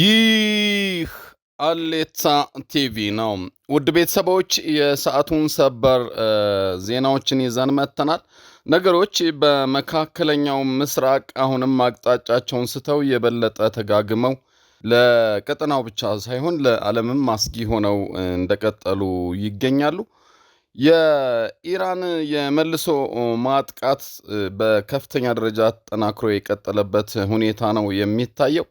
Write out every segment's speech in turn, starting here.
ይህ አሌታ ቲቪ ነው። ውድ ቤተሰቦች የሰዓቱን ሰበር ዜናዎችን ይዘን መጥተናል። ነገሮች በመካከለኛው ምስራቅ አሁንም አቅጣጫቸውን ስተው የበለጠ ተጋግመው ለቀጠናው ብቻ ሳይሆን ለዓለምም አስጊ ሆነው እንደቀጠሉ ይገኛሉ። የኢራን የመልሶ ማጥቃት በከፍተኛ ደረጃ ተጠናክሮ የቀጠለበት ሁኔታ ነው የሚታየው።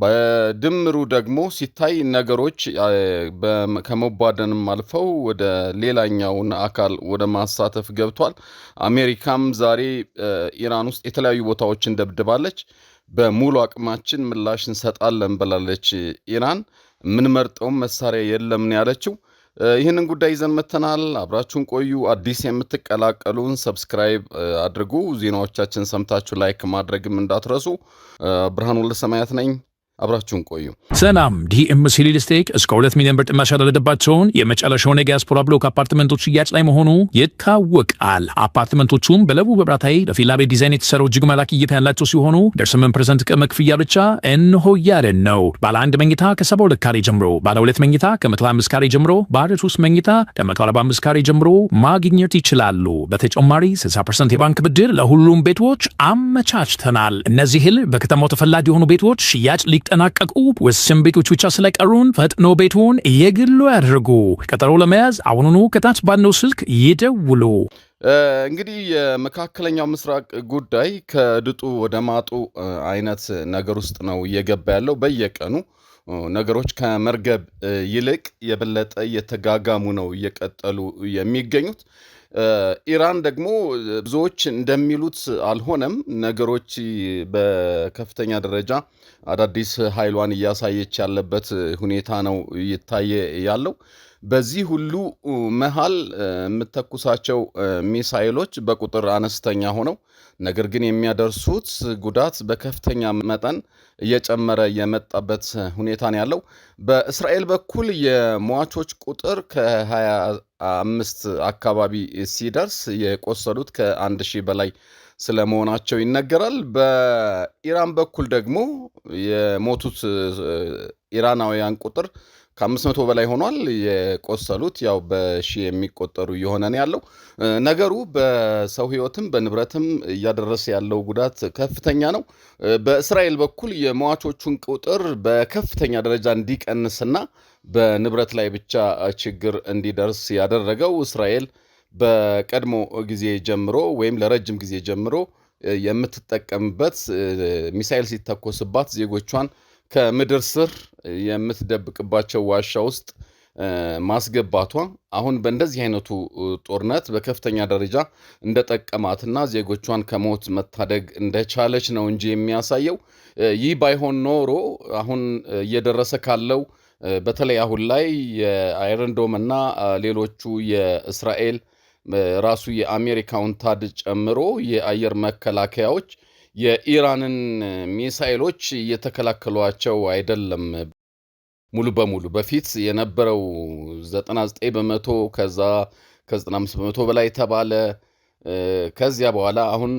በድምሩ ደግሞ ሲታይ ነገሮች ከመቧደንም አልፈው ወደ ሌላኛውን አካል ወደ ማሳተፍ ገብቷል። አሜሪካም ዛሬ ኢራን ውስጥ የተለያዩ ቦታዎችን ደብድባለች። በሙሉ አቅማችን ምላሽ እንሰጣለን ብላለች ኢራን። የምንመርጠውም መሳሪያ የለምን ያለችው። ይህንን ጉዳይ ይዘን መተናል። አብራችሁን ቆዩ። አዲስ የምትቀላቀሉን ሰብስክራይብ አድርጉ። ዜናዎቻችን ሰምታችሁ ላይክ ማድረግም እንዳትረሱ። ብርሃኑ ለሰማያት ነኝ። አብራችሁን ቆዩ። ሰላም ዲኤምሲ ሪል ስቴት እስከ ሁለት ሚሊዮን ብር ጥማሽ ያደረገበት ሲሆን የመጨረሻውን የዲያስፖራ ብሎክ አፓርትመንቶች ሽያጭ ላይ መሆኑ ይታወቃል። አፓርትመንቶቹም በለቡ በብራታይ ለፊላ ቤት ዲዛይን የተሰሩ እጅግ መላክ እይታ ያላቸው ሲሆኑ ደርስምን ፐርሰንት ቅድመ ክፍያ ብቻ እንሆ ያለን ነው። ባለ አንድ መኝታ ከሰባ ሁለት ካሬ ጀምሮ፣ ባለ ሁለት መኝታ ከመቶ አምስት ካሬ ጀምሮ፣ ባለ ሶስት መኝታ ከመቶ አርባ አምስት ካሬ ጀምሮ ማግኘት ይችላሉ። በተጨማሪ ስልሳ ፐርሰንት የባንክ ብድር ለሁሉም ቤቶች አመቻችተናል። እነዚህል በከተማው ተፈላጊ የሆኑ ቤቶች ሽያጭ ሊቅ ሊጠናቀቁ ውስን ቤቶች ብቻ ስለቀሩን ፈጥኖ ቤቱን የግሉ ያድርጉ። ቀጠሮ ለመያዝ አሁኑኑ ከታች ባለው ስልክ ይደውሉ። እንግዲህ የመካከለኛው ምስራቅ ጉዳይ ከድጡ ወደ ማጡ አይነት ነገር ውስጥ ነው እየገባ ያለው። በየቀኑ ነገሮች ከመርገብ ይልቅ የበለጠ እየተጋጋሙ ነው እየቀጠሉ የሚገኙት። ኢራን ደግሞ ብዙዎች እንደሚሉት አልሆነም። ነገሮች በከፍተኛ ደረጃ አዳዲስ ኃይሏን እያሳየች ያለበት ሁኔታ ነው እየታየ ያለው። በዚህ ሁሉ መሃል የምተኩሳቸው ሚሳይሎች በቁጥር አነስተኛ ሆነው ነገር ግን የሚያደርሱት ጉዳት በከፍተኛ መጠን እየጨመረ የመጣበት ሁኔታ ነው ያለው። በእስራኤል በኩል የሟቾች ቁጥር ከ25 አካባቢ ሲደርስ የቆሰሉት ከ ሺህ በላይ ስለመሆናቸው ይነገራል። በኢራን በኩል ደግሞ የሞቱት ኢራናውያን ቁጥር ከአምስት መቶ በላይ ሆኗል። የቆሰሉት ያው በሺ የሚቆጠሩ እየሆነ ነው ያለው። ነገሩ በሰው ሕይወትም በንብረትም እያደረሰ ያለው ጉዳት ከፍተኛ ነው። በእስራኤል በኩል የሟቾቹን ቁጥር በከፍተኛ ደረጃ እንዲቀንስና በንብረት ላይ ብቻ ችግር እንዲደርስ ያደረገው እስራኤል በቀድሞ ጊዜ ጀምሮ ወይም ለረጅም ጊዜ ጀምሮ የምትጠቀምበት ሚሳኤል ሲተኮስባት ዜጎቿን ከምድር ስር የምትደብቅባቸው ዋሻ ውስጥ ማስገባቷ አሁን በእንደዚህ አይነቱ ጦርነት በከፍተኛ ደረጃ እንደጠቀማትና ዜጎቿን ከሞት መታደግ እንደቻለች ነው እንጂ የሚያሳየው። ይህ ባይሆን ኖሮ አሁን እየደረሰ ካለው በተለይ አሁን ላይ የአይረንዶም እና ሌሎቹ የእስራኤል ራሱ የአሜሪካውን ታድ ጨምሮ የአየር መከላከያዎች የኢራንን ሚሳይሎች እየተከላከሏቸው አይደለም። ሙሉ በሙሉ በፊት የነበረው 99 በመቶ ከዛ ከ95 በመቶ በላይ ተባለ። ከዚያ በኋላ አሁን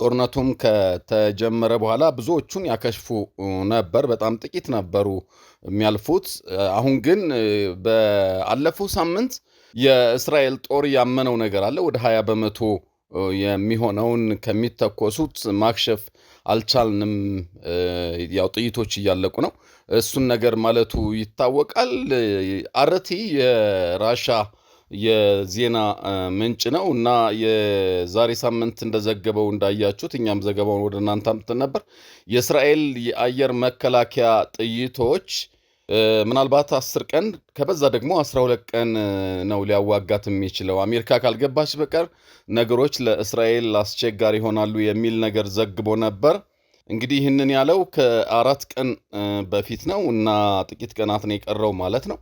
ጦርነቱም ከተጀመረ በኋላ ብዙዎቹን ያከሽፉ ነበር። በጣም ጥቂት ነበሩ የሚያልፉት። አሁን ግን በአለፈው ሳምንት የእስራኤል ጦር ያመነው ነገር አለ። ወደ ሀያ በመቶ የሚሆነውን ከሚተኮሱት ማክሸፍ አልቻልንም፣ ያው ጥይቶች እያለቁ ነው፣ እሱን ነገር ማለቱ ይታወቃል። አረቲ የራሻ የዜና ምንጭ ነው እና የዛሬ ሳምንት እንደዘገበው እንዳያችሁት እኛም ዘገባውን ወደ እናንተ አምጥተን ነበር። የእስራኤል የአየር መከላከያ ጥይቶች ምናልባት አስር ቀን ከበዛ ደግሞ አስራ ሁለት ቀን ነው ሊያዋጋት የሚችለው አሜሪካ ካልገባች በቀር ነገሮች ለእስራኤል አስቸጋሪ ይሆናሉ የሚል ነገር ዘግቦ ነበር። እንግዲህ ይህንን ያለው ከአራት ቀን በፊት ነው እና ጥቂት ቀናት ነው የቀረው ማለት ነው።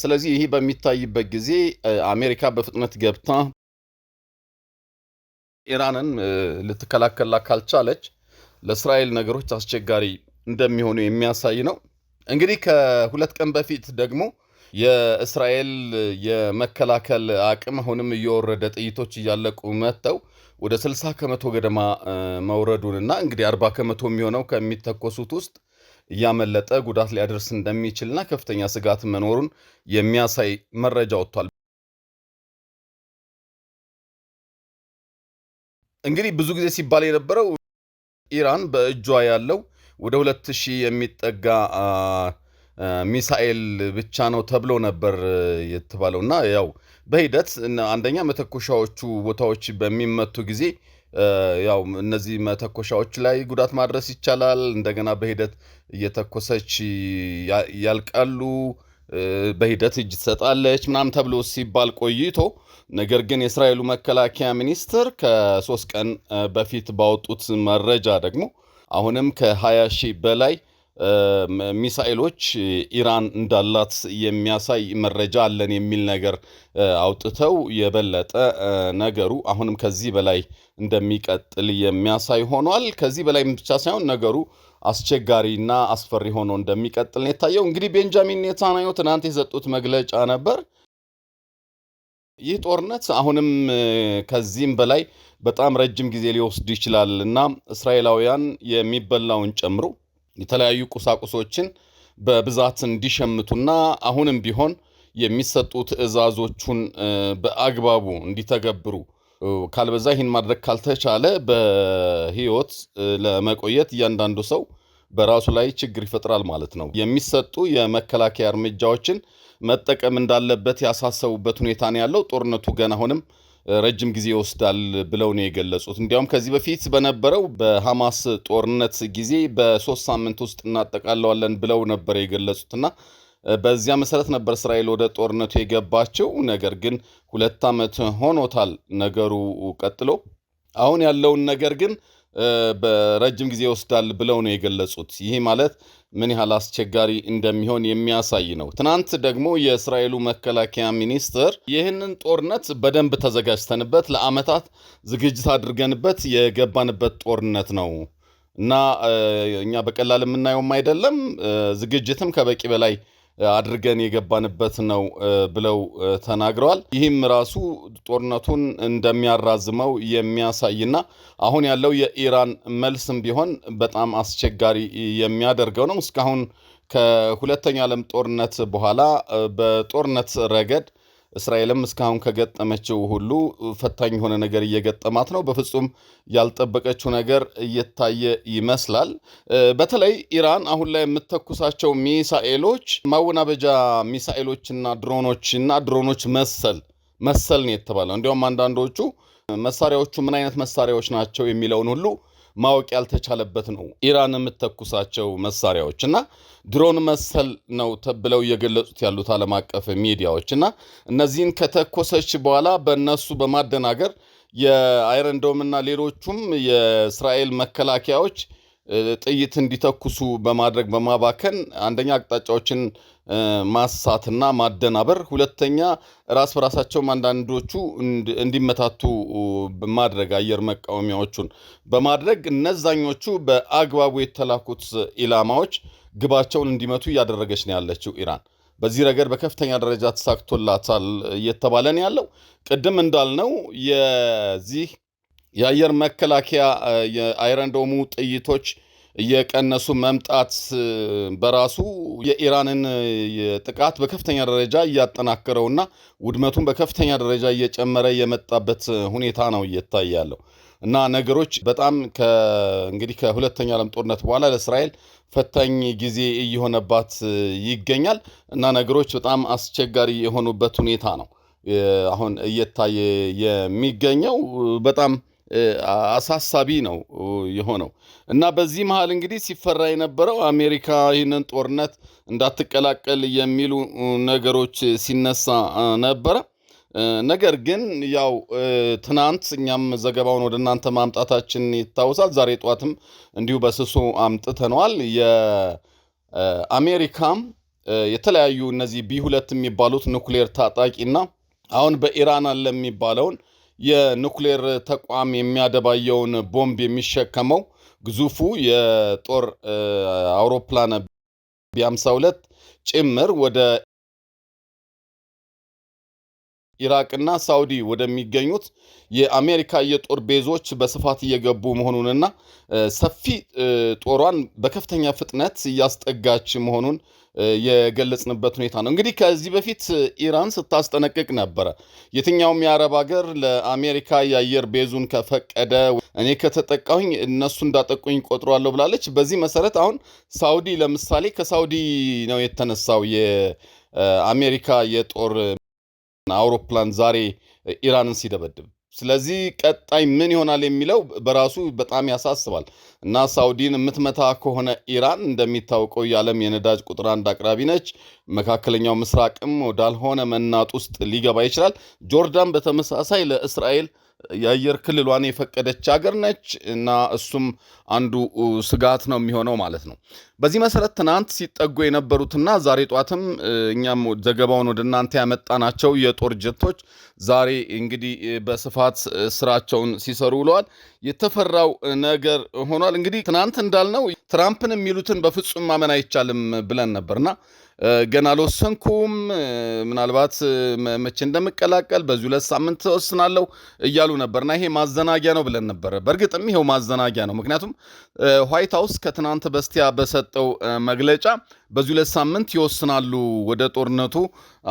ስለዚህ ይህ በሚታይበት ጊዜ አሜሪካ በፍጥነት ገብታ ኢራንን ልትከላከላ ካልቻለች ለእስራኤል ነገሮች አስቸጋሪ እንደሚሆኑ የሚያሳይ ነው። እንግዲህ ከሁለት ቀን በፊት ደግሞ የእስራኤል የመከላከል አቅም አሁንም እየወረደ ጥይቶች እያለቁ መጥተው ወደ 60 ከመቶ ገደማ መውረዱንና እንግዲህ 40 ከመቶ የሚሆነው ከሚተኮሱት ውስጥ እያመለጠ ጉዳት ሊያደርስ እንደሚችልና ከፍተኛ ስጋት መኖሩን የሚያሳይ መረጃ ወጥቷል። እንግዲህ ብዙ ጊዜ ሲባል የነበረው ኢራን በእጇ ያለው ወደ ሁለት ሺህ የሚጠጋ ሚሳኤል ብቻ ነው ተብሎ ነበር የተባለው እና ያው በሂደት አንደኛ መተኮሻዎቹ ቦታዎች በሚመቱ ጊዜ ያው እነዚህ መተኮሻዎች ላይ ጉዳት ማድረስ ይቻላል። እንደገና በሂደት እየተኮሰች ያልቃሉ፣ በሂደት እጅ ትሰጣለች ምናም ተብሎ ሲባል ቆይቶ ነገር ግን የእስራኤሉ መከላከያ ሚኒስትር ከሶስት ቀን በፊት ባወጡት መረጃ ደግሞ አሁንም ከ20 ሺህ በላይ ሚሳኤሎች ኢራን እንዳላት የሚያሳይ መረጃ አለን የሚል ነገር አውጥተው የበለጠ ነገሩ አሁንም ከዚህ በላይ እንደሚቀጥል የሚያሳይ ሆኗል። ከዚህ በላይ ብቻ ሳይሆን ነገሩ አስቸጋሪና አስፈሪ ሆኖ እንደሚቀጥል ነው የታየው። እንግዲህ ቤንጃሚን ኔታንያሁ ትናንት የሰጡት መግለጫ ነበር። ይህ ጦርነት አሁንም ከዚህም በላይ በጣም ረጅም ጊዜ ሊወስድ ይችላል እና እስራኤላውያን የሚበላውን ጨምሮ የተለያዩ ቁሳቁሶችን በብዛት እንዲሸምቱና አሁንም ቢሆን የሚሰጡ ትዕዛዞቹን በአግባቡ እንዲተገብሩ ካልበዛ ይህን ማድረግ ካልተቻለ በህይወት ለመቆየት እያንዳንዱ ሰው በራሱ ላይ ችግር ይፈጥራል ማለት ነው። የሚሰጡ የመከላከያ እርምጃዎችን መጠቀም እንዳለበት ያሳሰቡበት ሁኔታ ነው ያለው። ጦርነቱ ገና አሁንም ረጅም ጊዜ ይወስዳል ብለው ነው የገለጹት። እንዲያውም ከዚህ በፊት በነበረው በሐማስ ጦርነት ጊዜ በሶስት ሳምንት ውስጥ እናጠቃለዋለን ብለው ነበር የገለጹትና በዚያ መሰረት ነበር እስራኤል ወደ ጦርነቱ የገባቸው። ነገር ግን ሁለት ዓመት ሆኖታል ነገሩ ቀጥሎ አሁን ያለውን ነገር ግን በረጅም ጊዜ ይወስዳል ብለው ነው የገለጹት። ይህ ማለት ምን ያህል አስቸጋሪ እንደሚሆን የሚያሳይ ነው። ትናንት ደግሞ የእስራኤሉ መከላከያ ሚኒስትር ይህንን ጦርነት በደንብ ተዘጋጅተንበት ለአመታት ዝግጅት አድርገንበት የገባንበት ጦርነት ነው እና እኛ በቀላል የምናየውም አይደለም፣ ዝግጅትም ከበቂ በላይ አድርገን የገባንበት ነው ብለው ተናግረዋል። ይህም ራሱ ጦርነቱን እንደሚያራዝመው የሚያሳይና አሁን ያለው የኢራን መልስም ቢሆን በጣም አስቸጋሪ የሚያደርገው ነው። እስካሁን ከሁለተኛ ዓለም ጦርነት በኋላ በጦርነት ረገድ እስራኤልም እስካሁን ከገጠመችው ሁሉ ፈታኝ የሆነ ነገር እየገጠማት ነው። በፍጹም ያልጠበቀችው ነገር እየታየ ይመስላል። በተለይ ኢራን አሁን ላይ የምተኩሳቸው ሚሳኤሎች ማወናበጃ ሚሳኤሎችና ድሮኖችና ድሮኖች መሰል መሰል ነው የተባለው። እንዲያውም አንዳንዶቹ መሳሪያዎቹ ምን አይነት መሳሪያዎች ናቸው የሚለውን ሁሉ ማወቅ ያልተቻለበት ነው ኢራን የምተኩሳቸው መሳሪያዎች እና ድሮን መሰል ነው ተብለው እየገለጹት ያሉት ዓለም አቀፍ ሚዲያዎች እና እነዚህን ከተኮሰች በኋላ በእነሱ በማደናገር የአይረንዶም እና ሌሎቹም የእስራኤል መከላከያዎች ጥይት እንዲተኩሱ በማድረግ በማባከን አንደኛ አቅጣጫዎችን ማሳትና ማደናበር፣ ሁለተኛ ራስ በራሳቸውም አንዳንዶቹ እንዲመታቱ ማድረግ አየር መቃወሚያዎቹን በማድረግ እነዛኞቹ በአግባቡ የተላኩት ኢላማዎች ግባቸውን እንዲመቱ እያደረገች ነው ያለችው ኢራን። በዚህ ረገድ በከፍተኛ ደረጃ ተሳክቶላታል እየተባለን ያለው። ቅድም እንዳልነው የዚህ የአየር መከላከያ የአይረንዶሙ ጥይቶች እየቀነሱ መምጣት በራሱ የኢራንን ጥቃት በከፍተኛ ደረጃ እያጠናከረውና ውድመቱን በከፍተኛ ደረጃ እየጨመረ የመጣበት ሁኔታ ነው እየታየ ያለው እና ነገሮች በጣም እንግዲህ ከሁለተኛ ዓለም ጦርነት በኋላ ለእስራኤል ፈታኝ ጊዜ እየሆነባት ይገኛል እና ነገሮች በጣም አስቸጋሪ የሆኑበት ሁኔታ ነው አሁን እየታየ የሚገኘው በጣም አሳሳቢ ነው የሆነው እና በዚህ መሀል እንግዲህ ሲፈራ የነበረው አሜሪካ ይህንን ጦርነት እንዳትቀላቀል የሚሉ ነገሮች ሲነሳ ነበረ። ነገር ግን ያው ትናንት እኛም ዘገባውን ወደ እናንተ ማምጣታችን ይታወሳል። ዛሬ ጠዋትም እንዲሁ በስሶ አምጥተነዋል። የአሜሪካም የተለያዩ እነዚህ ቢ ሁለት የሚባሉት ኑክሌር ታጣቂና አሁን በኢራን አለ የሚባለውን የኑክሌር ተቋም የሚያደባየውን ቦምብ የሚሸከመው ግዙፉ የጦር አውሮፕላን ቢ52 ጭምር ወደ ኢራቅና ሳውዲ ወደሚገኙት የአሜሪካ የጦር ቤዞች በስፋት እየገቡ መሆኑንና ሰፊ ጦሯን በከፍተኛ ፍጥነት እያስጠጋች መሆኑን የገለጽንበት ሁኔታ ነው። እንግዲህ ከዚህ በፊት ኢራን ስታስጠነቅቅ ነበረ። የትኛውም የአረብ ሀገር ለአሜሪካ የአየር ቤዙን ከፈቀደ እኔ ከተጠቃሁኝ እነሱ እንዳጠቁኝ ቆጥሯለሁ ብላለች። በዚህ መሰረት አሁን ሳውዲ ለምሳሌ ከሳውዲ ነው የተነሳው የአሜሪካ የጦር አውሮፕላን ዛሬ ኢራንን ሲደበድብ ስለዚህ ቀጣይ ምን ይሆናል የሚለው በራሱ በጣም ያሳስባል እና ሳውዲን የምትመታ ከሆነ ኢራን እንደሚታወቀው የዓለም የነዳጅ ቁጥር አንድ አቅራቢ ነች። መካከለኛው ምስራቅም ወዳልሆነ መናጥ ውስጥ ሊገባ ይችላል። ጆርዳን በተመሳሳይ ለእስራኤል የአየር ክልሏን የፈቀደች ሀገር ነች እና እሱም አንዱ ስጋት ነው የሚሆነው ማለት ነው። በዚህ መሰረት ትናንት ሲጠጉ የነበሩትና ዛሬ ጧትም እኛም ዘገባውን ወደ እናንተ ያመጣናቸው የጦር ጀቶች ዛሬ እንግዲህ በስፋት ስራቸውን ሲሰሩ ውለዋል። የተፈራው ነገር ሆኗል። እንግዲህ ትናንት እንዳልነው ትራምፕን የሚሉትን በፍጹም ማመን አይቻልም ብለን ነበርና ገና አልወሰንኩም፣ ምናልባት መቼ እንደምቀላቀል በዚህ ሁለት ሳምንት ወስናለሁ እያሉ ነበርና ይሄ ማዘናጊያ ነው ብለን ነበረ። በእርግጥም ይኸው ማዘናጊያ ነው። ምክንያቱም ዋይት ሀውስ ከትናንት በስቲያ በሰጠው መግለጫ በዚህ ሁለት ሳምንት ይወስናሉ ወደ ጦርነቱ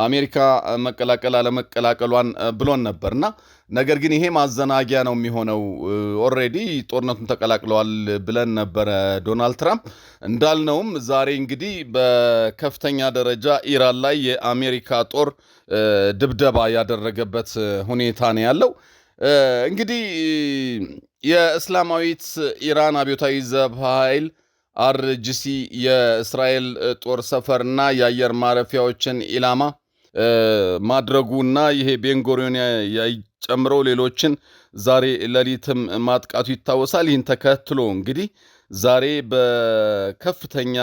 አሜሪካ መቀላቀል አለመቀላቀሏን ብሎን ነበርና፣ ነገር ግን ይሄ ማዘናጊያ ነው የሚሆነው። ኦልሬዲ ጦርነቱን ተቀላቅለዋል ብለን ነበረ ዶናልድ ትራምፕ። እንዳልነውም ዛሬ እንግዲህ በከፍተኛ ደረጃ ኢራን ላይ የአሜሪካ ጦር ድብደባ ያደረገበት ሁኔታ ነው ያለው። እንግዲህ የእስላማዊት ኢራን አብዮታዊ ዘብ ኃይል አርጂሲ የእስራኤል ጦር ሰፈርና የአየር ማረፊያዎችን ኢላማ ማድረጉና ይሄ ቤንጎሪዮን ጨምሮ ሌሎችን ዛሬ ሌሊትም ማጥቃቱ ይታወሳል። ይህን ተከትሎ እንግዲህ ዛሬ በከፍተኛ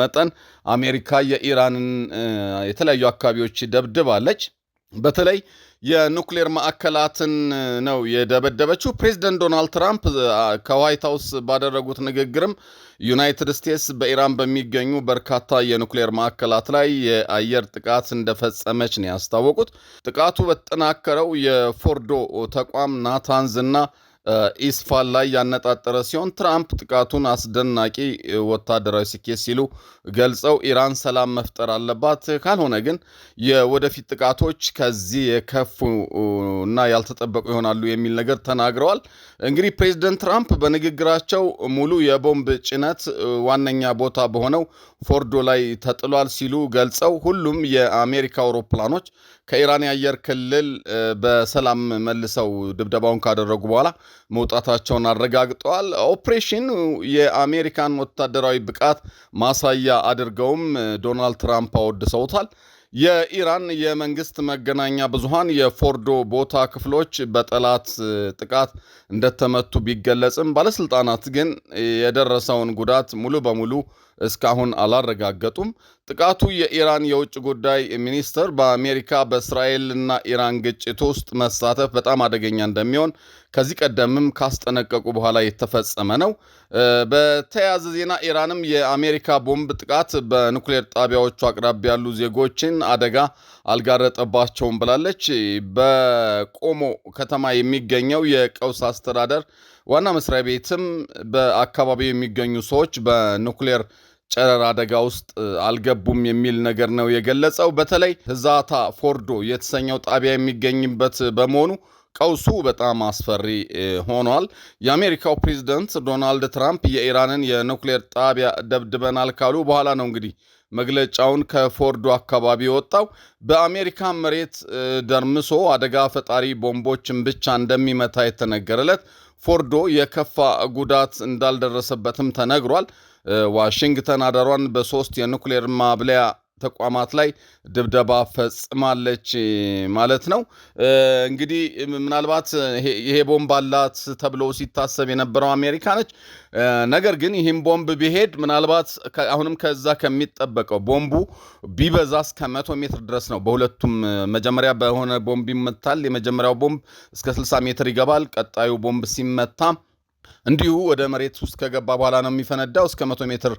መጠን አሜሪካ የኢራንን የተለያዩ አካባቢዎች ደብድባለች። በተለይ የኑክሌር ማዕከላትን ነው የደበደበችው። ፕሬዚደንት ዶናልድ ትራምፕ ከዋይት ሀውስ ባደረጉት ንግግርም ዩናይትድ ስቴትስ በኢራን በሚገኙ በርካታ የኑክሌር ማዕከላት ላይ የአየር ጥቃት እንደፈጸመች ነው ያስታወቁት። ጥቃቱ በተጠናከረው የፎርዶ ተቋም ናታንዝ እና ኢስፋን ላይ ያነጣጠረ ሲሆን ትራምፕ ጥቃቱን አስደናቂ ወታደራዊ ስኬት ሲሉ ገልጸው ኢራን ሰላም መፍጠር አለባት፣ ካልሆነ ግን የወደፊት ጥቃቶች ከዚህ የከፉ እና ያልተጠበቁ ይሆናሉ የሚል ነገር ተናግረዋል። እንግዲህ ፕሬዚደንት ትራምፕ በንግግራቸው ሙሉ የቦምብ ጭነት ዋነኛ ቦታ በሆነው ፎርዶ ላይ ተጥሏል ሲሉ ገልጸው ሁሉም የአሜሪካ አውሮፕላኖች ከኢራን የአየር ክልል በሰላም መልሰው ድብደባውን ካደረጉ በኋላ መውጣታቸውን አረጋግጠዋል። ኦፕሬሽን የአሜሪካን ወታደራዊ ብቃት ማሳያ አድርገውም ዶናልድ ትራምፕ አወድሰውታል። የኢራን የመንግስት መገናኛ ብዙሃን የፎርዶ ቦታ ክፍሎች በጠላት ጥቃት እንደተመቱ ቢገለጽም ባለስልጣናት ግን የደረሰውን ጉዳት ሙሉ በሙሉ እስካሁን አላረጋገጡም። ጥቃቱ የኢራን የውጭ ጉዳይ ሚኒስትር በአሜሪካ በእስራኤልና ኢራን ግጭት ውስጥ መሳተፍ በጣም አደገኛ እንደሚሆን ከዚህ ቀደምም ካስጠነቀቁ በኋላ የተፈጸመ ነው። በተያያዘ ዜና ኢራንም የአሜሪካ ቦምብ ጥቃት በኑክሌር ጣቢያዎቹ አቅራቢያ ያሉ ዜጎችን አደጋ አልጋረጠባቸውም ብላለች። በቆሞ ከተማ የሚገኘው የቀውስ አስተዳደር ዋና መስሪያ ቤትም በአካባቢው የሚገኙ ሰዎች በኑክሌር ጨረር አደጋ ውስጥ አልገቡም የሚል ነገር ነው የገለጸው። በተለይ ህዛታ ፎርዶ የተሰኘው ጣቢያ የሚገኝበት በመሆኑ ቀውሱ በጣም አስፈሪ ሆኗል። የአሜሪካው ፕሬዚደንት ዶናልድ ትራምፕ የኢራንን የኑክሌር ጣቢያ ደብድበናል ካሉ በኋላ ነው እንግዲህ መግለጫውን ከፎርዶ አካባቢ ወጣው በአሜሪካ መሬት ደርምሶ አደጋ ፈጣሪ ቦምቦችን ብቻ እንደሚመታ የተነገረለት ፎርዶ የከፋ ጉዳት እንዳልደረሰበትም ተነግሯል። ዋሽንግተን አዳሯን በሶስት የኑክሌር ማብለያ ተቋማት ላይ ድብደባ ፈጽማለች ማለት ነው። እንግዲህ ምናልባት ይሄ ቦምብ አላት ተብሎ ሲታሰብ የነበረው አሜሪካ ነች። ነገር ግን ይህም ቦምብ ቢሄድ ምናልባት አሁንም ከዛ ከሚጠበቀው ቦምቡ ቢበዛ እስከ መቶ ሜትር ድረስ ነው። በሁለቱም መጀመሪያ በሆነ ቦምብ ይመታል። የመጀመሪያው ቦምብ እስከ 60 ሜትር ይገባል። ቀጣዩ ቦምብ ሲመታ እንዲሁ ወደ መሬት ውስጥ ከገባ በኋላ ነው የሚፈነዳው። እስከ መቶ ሜትር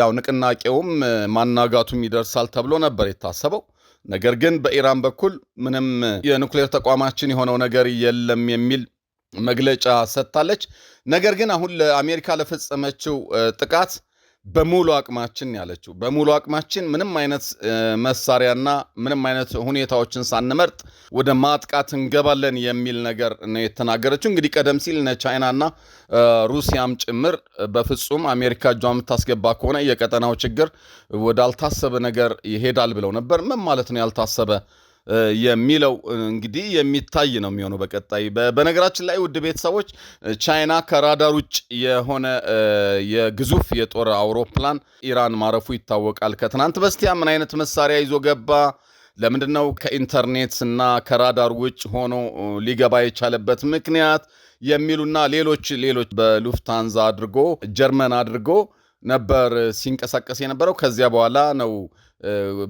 ያው ንቅናቄውም ማናጋቱም ይደርሳል ተብሎ ነበር የታሰበው። ነገር ግን በኢራን በኩል ምንም የኑክሌር ተቋማችን የሆነው ነገር የለም የሚል መግለጫ ሰጥታለች። ነገር ግን አሁን ለአሜሪካ ለፈጸመችው ጥቃት በሙሉ አቅማችን ያለችው በሙሉ አቅማችን ምንም አይነት መሳሪያና ምንም አይነት ሁኔታዎችን ሳንመርጥ ወደ ማጥቃት እንገባለን የሚል ነገር ነው የተናገረችው። እንግዲህ ቀደም ሲል እነ ቻይናና ሩሲያም ጭምር በፍጹም አሜሪካ እጇ የምታስገባ ከሆነ የቀጠናው ችግር ወዳልታሰበ ነገር ይሄዳል ብለው ነበር። ምን ማለት ነው ያልታሰበ የሚለው እንግዲህ የሚታይ ነው የሚሆነው በቀጣይ። በነገራችን ላይ ውድ ቤተሰቦች ቻይና ከራዳር ውጭ የሆነ የግዙፍ የጦር አውሮፕላን ኢራን ማረፉ ይታወቃል። ከትናንት በስቲያ ምን አይነት መሳሪያ ይዞ ገባ? ለምንድን ነው ከኢንተርኔት እና ከራዳር ውጭ ሆኖ ሊገባ የቻለበት ምክንያት የሚሉና ሌሎች ሌሎች በሉፍታንዛ አድርጎ ጀርመን አድርጎ ነበር ሲንቀሳቀስ የነበረው። ከዚያ በኋላ ነው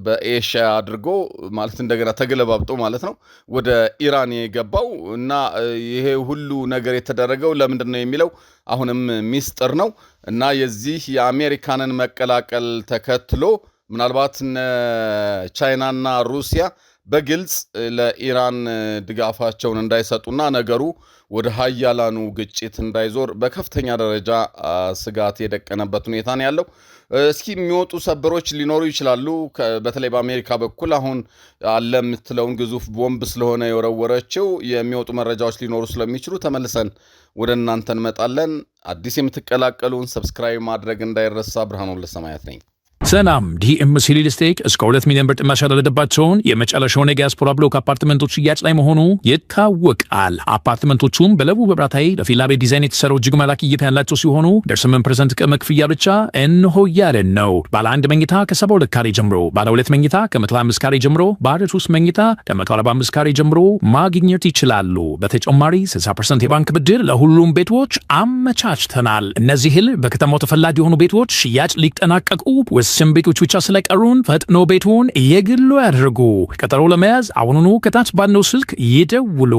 በኤሽያ አድርጎ ማለት እንደገና ተገለባብጦ ማለት ነው ወደ ኢራን የገባው እና ይሄ ሁሉ ነገር የተደረገው ለምንድን ነው የሚለው አሁንም ሚስጥር ነው እና የዚህ የአሜሪካንን መቀላቀል ተከትሎ ምናልባት ቻይናና ሩሲያ በግልጽ ለኢራን ድጋፋቸውን እንዳይሰጡና ነገሩ ወደ ሀያላኑ ግጭት እንዳይዞር በከፍተኛ ደረጃ ስጋት የደቀነበት ሁኔታ ነው ያለው። እስኪ የሚወጡ ሰበሮች ሊኖሩ ይችላሉ። በተለይ በአሜሪካ በኩል አሁን አለ የምትለውን ግዙፍ ቦምብ ስለሆነ የወረወረችው የሚወጡ መረጃዎች ሊኖሩ ስለሚችሉ ተመልሰን ወደ እናንተ እንመጣለን። አዲስ የምትቀላቀሉን ሰብስክራይብ ማድረግ እንዳይረሳ። ብርሃኑ ለሰማያት ነኝ። ሰላም ዲኤምሲ ሪል ስቴት እስከ ሁለት ሚሊዮን ብር ጥማሽ ያደረደባቸውን የመጨረሻውን የዲያስፖራ ብሎክ አፓርትመንቶች ሽያጭ ላይ መሆኑ ይታወቃል። አፓርትመንቶቹም በለቡ በብራታይ ለፊላ ቤት ዲዛይን የተሰሩ እጅግ መላክ እይታ ያላቸው ሲሆኑ ደርስምን ፐርሰንት ቅድመ ክፍያ ብቻ እንሆ ያለን ነው። ባለ አንድ መኝታ ከሰባ ሁለት ካሬ ጀምሮ፣ ባለ ሁለት መኝታ ከመቶ አምስት ካሬ ጀምሮ፣ ባለ ሶስት መኝታ ከመቶ አርባ አምስት ካሬ ጀምሮ ማግኘት ይችላሉ። በተጨማሪ 60 ፐርሰንት የባንክ ብድር ለሁሉም ቤቶች አመቻችተናል። እነዚህን በከተማው ተፈላጊ የሆኑ ቤቶች ሽያጭ ሊጠናቀቁ ውስን ቤቶች ብቻ ስለቀሩን ፈጥኖ ቤቱን የግሉ ያድርጉ። ቀጠሮ ለመያዝ አሁኑኑ ከታች ባለው ስልክ ይደውሉ።